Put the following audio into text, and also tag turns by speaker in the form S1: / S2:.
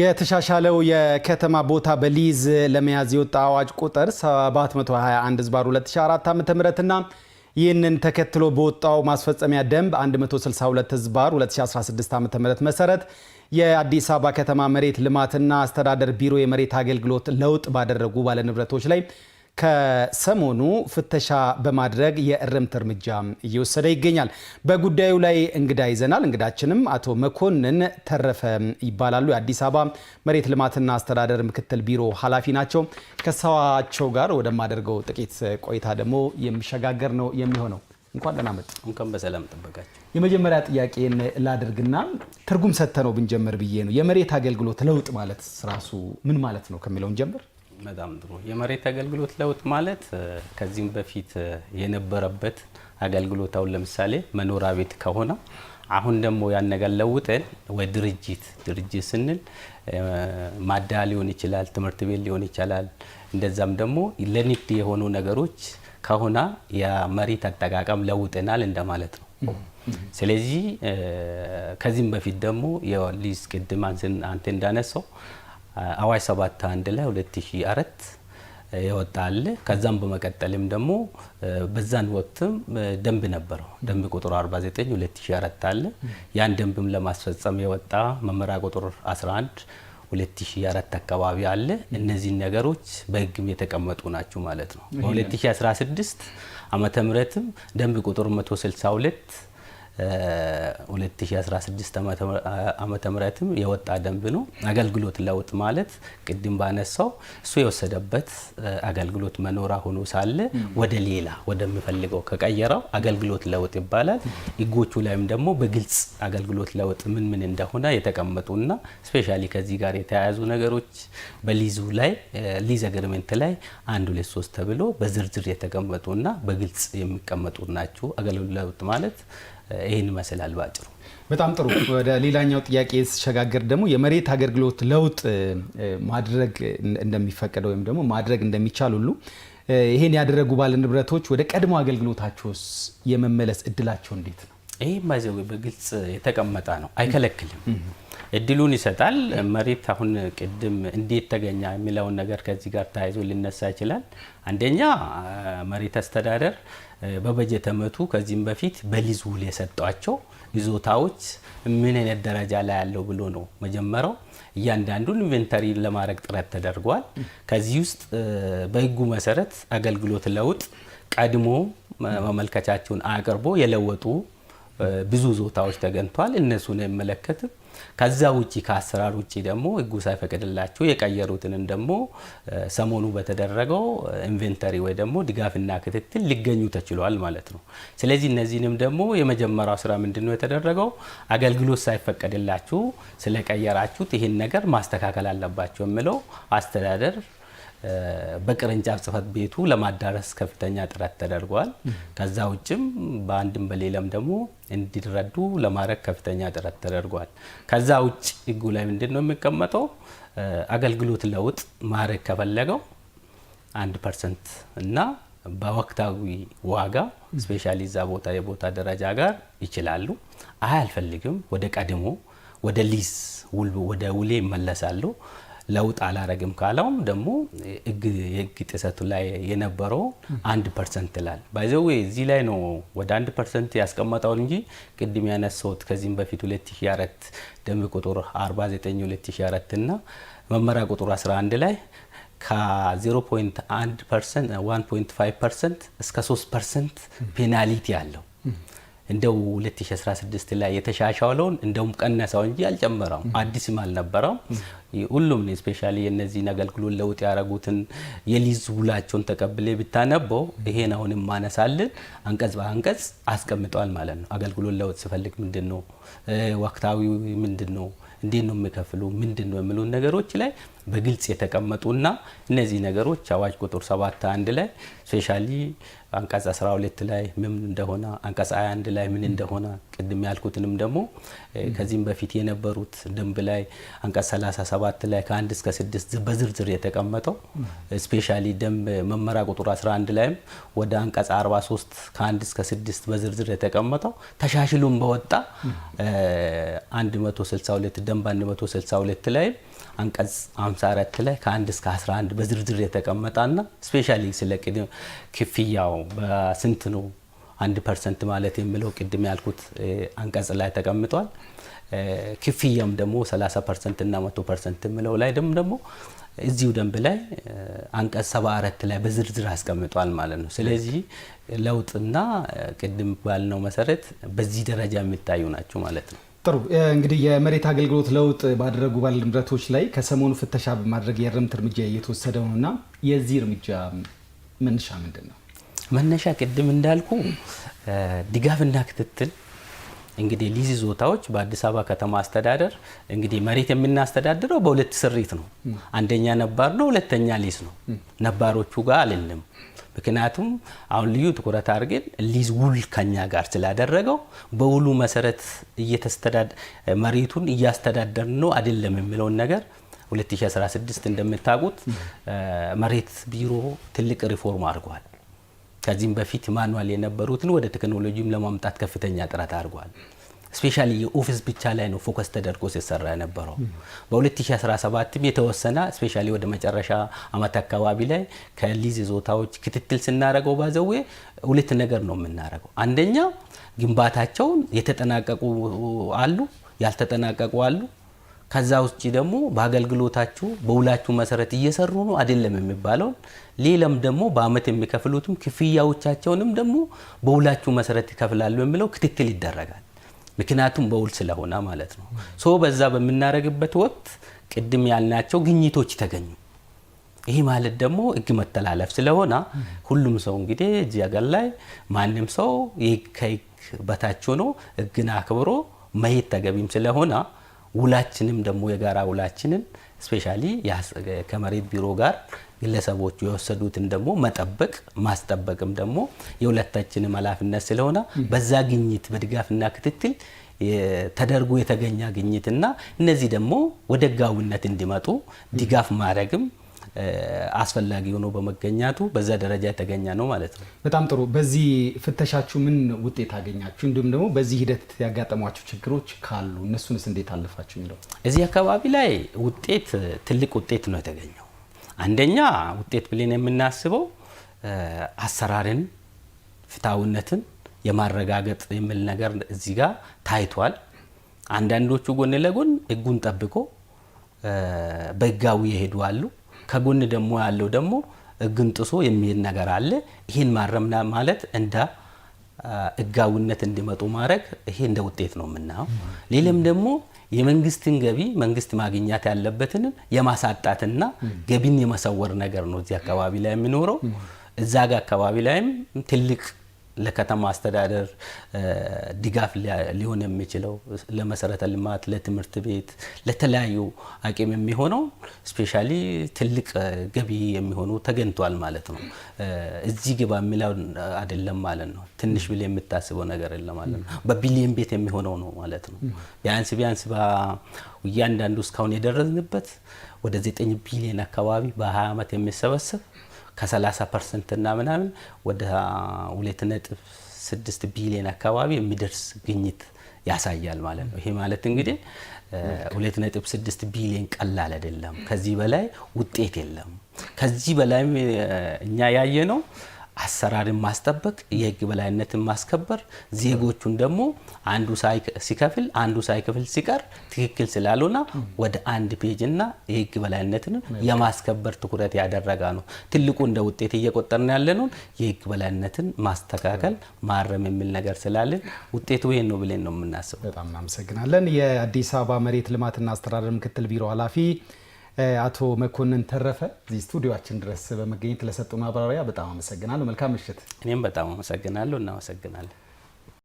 S1: የተሻሻለው የከተማ ቦታ በሊዝ ለመያዝ የወጣ አዋጅ ቁጥር 721 ዝባር 2004 ዓ ም እና ይህንን ተከትሎ በወጣው ማስፈጸሚያ ደንብ 162 ዝባር 2016 ዓ ም መሰረት የአዲስ አበባ ከተማ መሬት ልማትና አስተዳደር ቢሮ የመሬት አገልግሎት ለውጥ ባደረጉ ባለንብረቶች ላይ ከሰሞኑ ፍተሻ በማድረግ የእርምት እርምጃ እየወሰደ ይገኛል። በጉዳዩ ላይ እንግዳ ይዘናል። እንግዳችንም አቶ መኮንን ተረፈ ይባላሉ። የአዲስ አበባ መሬት ልማትና አስተዳደር ምክትል ቢሮ ኃላፊ ናቸው። ከሰዋቸው ጋር ወደማደርገው ጥቂት ቆይታ ደግሞ የሚሸጋገር ነው የሚሆነው። እንኳን ደህና መጡ።
S2: እንኳን በሰላም ጠበቃችሁ።
S1: የመጀመሪያ ጥያቄን ላድርግና ትርጉም ሰጥተ ነው ብንጀምር ብዬ ነው። የመሬት አገልግሎት ለውጥ ማለት ራሱ ምን ማለት ነው ከሚለውን ጀምር
S2: በጣም ጥሩ። የመሬት አገልግሎት ለውጥ ማለት ከዚህም በፊት የነበረበት አገልግሎት አሁን ለምሳሌ መኖሪያ ቤት ከሆነ አሁን ደግሞ ያን ነገር ለውጠን ወይ ድርጅት ድርጅት ስንል ማዳ ሊሆን ይችላል፣ ትምህርት ቤት ሊሆን ይችላል። እንደዛም ደግሞ ለንግድ የሆኑ ነገሮች ከሆነ የመሬት አጠቃቀም ለውጠናል እንደማለት ነው። ስለዚህ ከዚህም በፊት ደግሞ የሊዝ ቅድም አንተ እንዳነሳው አዋጅ 71 ላይ 2004 የወጣ አለ። ከዛም በመቀጠልም ደግሞ በዛን ወቅትም ደንብ ነበረው ደንብ ቁጥር 49 2004 አለ። ያን ደንብም ለማስፈጸም የወጣ መመሪያ ቁጥር 11 2004 አካባቢ አለ። እነዚህ ነገሮች በሕግም የተቀመጡ ናቸው ማለት ነው። በ2016 ዓመተ ምህረትም ደንብ ቁጥር 162 2016 ዓመተ ምህረትም የወጣ ደንብ ነው። አገልግሎት ለውጥ ማለት ቅድም ባነሳው እሱ የወሰደበት አገልግሎት መኖራ ሆኖ ሳለ ወደ ሌላ ወደሚፈልገው ከቀየረው አገልግሎት ለውጥ ይባላል። ሕጎቹ ላይም ደግሞ በግልጽ አገልግሎት ለውጥ ምን ምን እንደሆነ የተቀመጡና ስፔሻሊ ከዚህ ጋር የተያያዙ ነገሮች በሊዙ ላይ ሊዝ አግሪመንት ላይ አንድ ሁለት ሶስት ተብሎ በዝርዝር የተቀመጡና በግልጽ የሚቀመጡ ናቸው። አገልግሎት ለውጥ ማለት ይህን ይመስላል ባጭሩ።
S1: በጣም ጥሩ። ወደ ሌላኛው ጥያቄ ስሸጋገር ደግሞ የመሬት አገልግሎት ለውጥ ማድረግ እንደሚፈቀደው ወይም ደግሞ ማድረግ እንደሚቻል ሁሉ ይህን ያደረጉ ባለ ንብረቶች ወደ ቀድሞ አገልግሎታቸውስ የመመለስ እድላቸው እንዴት ነው?
S2: ይህ በግልጽ የተቀመጠ ነው፣ አይከለክልም፣ እድሉን ይሰጣል። መሬት አሁን ቅድም እንዴት ተገኛ የሚለውን ነገር ከዚህ ጋር ተያይዞ ሊነሳ ይችላል። አንደኛ መሬት አስተዳደር በበጀት ዓመቱ ከዚህም በፊት በሊዝ ውል የሰጧቸው ይዞታዎች ምን አይነት ደረጃ ላይ ያለው ብሎ ነው መጀመሪያው እያንዳንዱን ኢንቨንተሪ ለማድረግ ጥረት ተደርጓል። ከዚህ ውስጥ በህጉ መሰረት አገልግሎት ለውጥ ቀድሞ ማመልከቻቸውን አቅርቦ የለወጡ ብዙ ዞታዎች ተገንቷል። እነሱን አይመለከትም። ከዛ ውጭ ከአሰራር ውጭ ደግሞ ህጉ ሳይፈቅድላቸው የቀየሩትንን ደግሞ ሰሞኑ በተደረገው ኢንቨንተሪ ወይ ደግሞ ድጋፍና ክትትል ሊገኙ ተችሏል ማለት ነው። ስለዚህ እነዚህንም ደግሞ የመጀመሪያው ስራ ምንድን ነው የተደረገው? አገልግሎት ሳይፈቀድላችሁ ስለቀየራችሁት ይህን ነገር ማስተካከል አለባቸው የምለው አስተዳደር በቅርንጫፍ ጽህፈት ቤቱ ለማዳረስ ከፍተኛ ጥረት ተደርጓል። ከዛ ውጭም በአንድም በሌላም ደግሞ እንዲረዱ ለማድረግ ከፍተኛ ጥረት ተደርጓል። ከዛ ውጭ ህጉ ላይ ምንድን ነው የሚቀመጠው? አገልግሎት ለውጥ ማድረግ ከፈለገው አንድ ፐርሰንት እና በወቅታዊ ዋጋ ስፔሻሊ ዛ ቦታ የቦታ ደረጃ ጋር ይችላሉ። አይ አልፈልግም፣ ወደ ቀድሞ ወደ ሊዝ ወደ ውሌ ይመለሳሉ። ለውጥ አላረግም ካለውም ደግሞ የህግ ጥሰቱ ላይ የነበረው አንድ ፐርሰንት ይላል። ባይዘው እዚህ ላይ ነው ወደ አንድ ፐርሰንት ያስቀመጠውን እንጂ ቅድም ያነሳሁት ከዚህም በፊት 2004 ደንብ ቁጥር 49 2004 እና መመሪያ ቁጥር 11 ላይ ከ0.1 ፐርሰንት 1.5 ፐርሰንት እስከ 3 ፐርሰንት ፔናሊቲ አለው። እንደው 2016 ላይ የተሻሻለውን እንደውም ቀነሰው እንጂ አልጨመረውም። አዲስም አልነበረውም። ሁሉም ስፔሻሊ የነዚህን አገልግሎት ለውጥ ያደረጉትን የሊዝ ውላቸውን ተቀብሌ ብታነበው ይሄን አሁን ማነሳልን አንቀጽ በአንቀጽ አስቀምጧል ማለት ነው። አገልግሎት ለውጥ ስፈልግ ምንድን ነው ወቅታዊ ምንድን ነው እንዴት ነው የሚከፍሉ ምንድን ነው የሚሉን ነገሮች ላይ በግልጽ የተቀመጡና እነዚህ ነገሮች አዋጅ ቁጥር 71 ላይ ስፔሻሊ አንቀጽ 12 ላይ ምን እንደሆነ አንቀጽ 21 ላይ ምን እንደሆነ ቅድም ያልኩትንም ደግሞ ከዚህም በፊት የነበሩት ደንብ ላይ አንቀጽ 37 ላይ ከ1 እስከ 6 በዝርዝር የተቀመጠው ስፔሻሊ ደንብ መመሪያ ቁጥር 11 ላይም ወደ አንቀጽ 43 ከ1 እስከ 6 በዝርዝር የተቀመጠው ተሻሽሉም በወጣ 162 ደንብ 162 ላይም አንቀጽ 54 ላይ ከ1 እስከ 11 በዝርዝር የተቀመጠና ስፔሻሊ ስለ ቅድም ክፍያው በስንት ነው አንድ ፐርሰንት ማለት የምለው ቅድም ያልኩት አንቀጽ ላይ ተቀምጧል። ክፍያም ደግሞ 30 ፐርሰንት እና 100 ፐርሰንት የምለው ላይ ደግሞ ደግሞ እዚሁ ደንብ ላይ አንቀጽ 74 ላይ በዝርዝር አስቀምጧል ማለት ነው። ስለዚህ ለውጥና ቅድም ባልነው መሰረት በዚህ ደረጃ የሚታዩ ናቸው ማለት ነው።
S1: ጥሩ እንግዲህ የመሬት አገልግሎት ለውጥ ባደረጉ ባለንብረቶች ላይ ከሰሞኑ ፍተሻ በማድረግ የእርምት እርምጃ እየተወሰደ ነው እና የዚህ እርምጃ መነሻ ምንድን ነው?
S2: መነሻ ቅድም እንዳልኩ ድጋፍና ክትትል እንግዲህ ሊዝ ይዞታዎች በአዲስ አበባ ከተማ አስተዳደር እንግዲህ መሬት የምናስተዳድረው በሁለት ስሪት ነው። አንደኛ ነባር ነው፣ ሁለተኛ ሊዝ ነው። ነባሮቹ ጋር አልልም። ምክንያቱም አሁን ልዩ ትኩረት አድርገን ሊዝ ውል ከኛ ጋር ስላደረገው በውሉ መሰረት መሬቱን እያስተዳደር ነው አይደለም የሚለውን ነገር 2016 እንደምታውቁት መሬት ቢሮ ትልቅ ሪፎርም አድርጓል። ከዚህም በፊት ማኑዋል የነበሩትን ወደ ቴክኖሎጂም ለማምጣት ከፍተኛ ጥረት አድርጓል። ስፔሻሊ የኦፊስ ብቻ ላይ ነው ፎከስ ተደርጎ ሲሰራ የነበረው። በ2017 የተወሰነ ስፔሻሊ ወደ መጨረሻ አመት አካባቢ ላይ ከሊዝ ይዞታዎች ክትትል ስናደረገው ባዘዌ ሁለት ነገር ነው የምናደረገው። አንደኛ ግንባታቸውን የተጠናቀቁ አሉ፣ ያልተጠናቀቁ አሉ። ከዛ ውጭ ደግሞ በአገልግሎታችሁ በውላችሁ መሰረት እየሰሩ ነው አይደለም የሚባለውን ሌላም ደግሞ በአመት የሚከፍሉትም ክፍያዎቻቸውንም ደግሞ በውላችሁ መሰረት ይከፍላሉ የሚለው ክትትል ይደረጋል። ምክንያቱም በውል ስለሆነ ማለት ነው። ሶ በዛ በምናደርግበት ወቅት ቅድም ያልናቸው ግኝቶች ተገኙ። ይህ ማለት ደግሞ ህግ መተላለፍ ስለሆነ ሁሉም ሰው እንግዲህ እዚህ ሀገር ላይ ማንም ሰው ከህግ በታች ሆኖ ህግን አክብሮ መሄድ ተገቢም ስለሆነ ውላችንም ደግሞ የጋራ ውላችንን ስፔሻሊ ከመሬት ቢሮ ጋር ግለሰቦች የወሰዱትን ደግሞ መጠበቅ ማስጠበቅም ደግሞ የሁለታችንም ኃላፊነት ስለሆነ በዛ ግኝት በድጋፍና ክትትል ተደርጎ የተገኘ ግኝትና እነዚህ ደግሞ ወደ ህጋዊነት እንዲመጡ ድጋፍ ማድረግም አስፈላጊ ሆኖ በመገኛቱ በዛ ደረጃ የተገኘ ነው ማለት ነው።
S1: በጣም ጥሩ። በዚህ ፍተሻችሁ ምን ውጤት አገኛችሁ? እንዲሁም ደግሞ በዚህ ሂደት ያጋጠሟችሁ ችግሮች ካሉ እነሱንስ እንዴት አለፋችሁ የሚለው
S2: እዚህ አካባቢ ላይ ውጤት ትልቅ ውጤት ነው የተገኘው። አንደኛ ውጤት ብለን የምናስበው አሰራርን፣ ፍትሐዊነትን የማረጋገጥ የሚል ነገር እዚህ ጋር ታይቷል። አንዳንዶቹ ጎን ለጎን ህጉን ጠብቆ በህጋዊ የሄዱ አሉ። ከጎን ደግሞ ያለው ደግሞ ሕግን ጥሶ የሚሄድ ነገር አለ። ይህን ማረምና ማለት እንደ ሕጋዊነት እንዲመጡ ማድረግ ይሄ እንደ ውጤት ነው የምናየው። ሌላም ደግሞ የመንግስትን ገቢ መንግስት ማግኘት ያለበትን የማሳጣትና ገቢን የመሰወር ነገር ነው እዚህ አካባቢ ላይ የሚኖረው። እዛ ጋ አካባቢ ላይም ትልቅ ለከተማ አስተዳደር ድጋፍ ሊሆን የሚችለው ለመሰረተ ልማት፣ ለትምህርት ቤት፣ ለተለያዩ አቅም የሚሆነው ስፔሻሊ ትልቅ ገቢ የሚሆኑ ተገኝቷል ማለት ነው። እዚህ ግባ የሚለው አይደለም ማለት ነው። ትንሽ ብል የምታስበው ነገር የለም ማለት ነው። በቢሊየን ቤት የሚሆነው ነው ማለት ነው። ቢያንስ ቢያንስ እያንዳንዱ እስካሁን የደረስንበት ወደ ዘጠኝ ቢሊየን አካባቢ በ20 ዓመት የሚሰበሰብ ከ30 ፐርሰንት እና ምናምን ወደ 2.6 ቢሊዮን አካባቢ የሚደርስ ግኝት ያሳያል ማለት ነው። ይሄ ማለት እንግዲህ 2.6 ቢሊዮን ቀላል አይደለም። ከዚህ በላይ ውጤት የለም። ከዚህ በላይም እኛ ያየ ነው አሰራርን ማስጠበቅ፣ የህግ በላይነትን ማስከበር፣ ዜጎቹን ደግሞ አንዱ ሲከፍል አንዱ ሳይከፍል ሲቀር ትክክል ስላልሆነ ወደ አንድ ፔጅና የህግ በላይነትን የማስከበር ትኩረት ያደረገ ነው። ትልቁ እንደ ውጤት እየቆጠርን ያለነውን የህግ በላይነትን ማስተካከል ማረም የሚል ነገር ስላለን ውጤቱ ይሄን ነው ብለን ነው የምናስበው።
S1: በጣም እናመሰግናለን። የአዲስ አበባ መሬት ልማትና አስተዳደር ምክትል ቢሮ ኃላፊ አቶ መኮንን ተረፈ እዚህ ስቱዲዮችን ድረስ በመገኘት ለሰጡ ማብራሪያ በጣም አመሰግናለሁ። መልካም ምሽት።
S2: እኔም በጣም አመሰግናለሁ። እናመሰግናለን።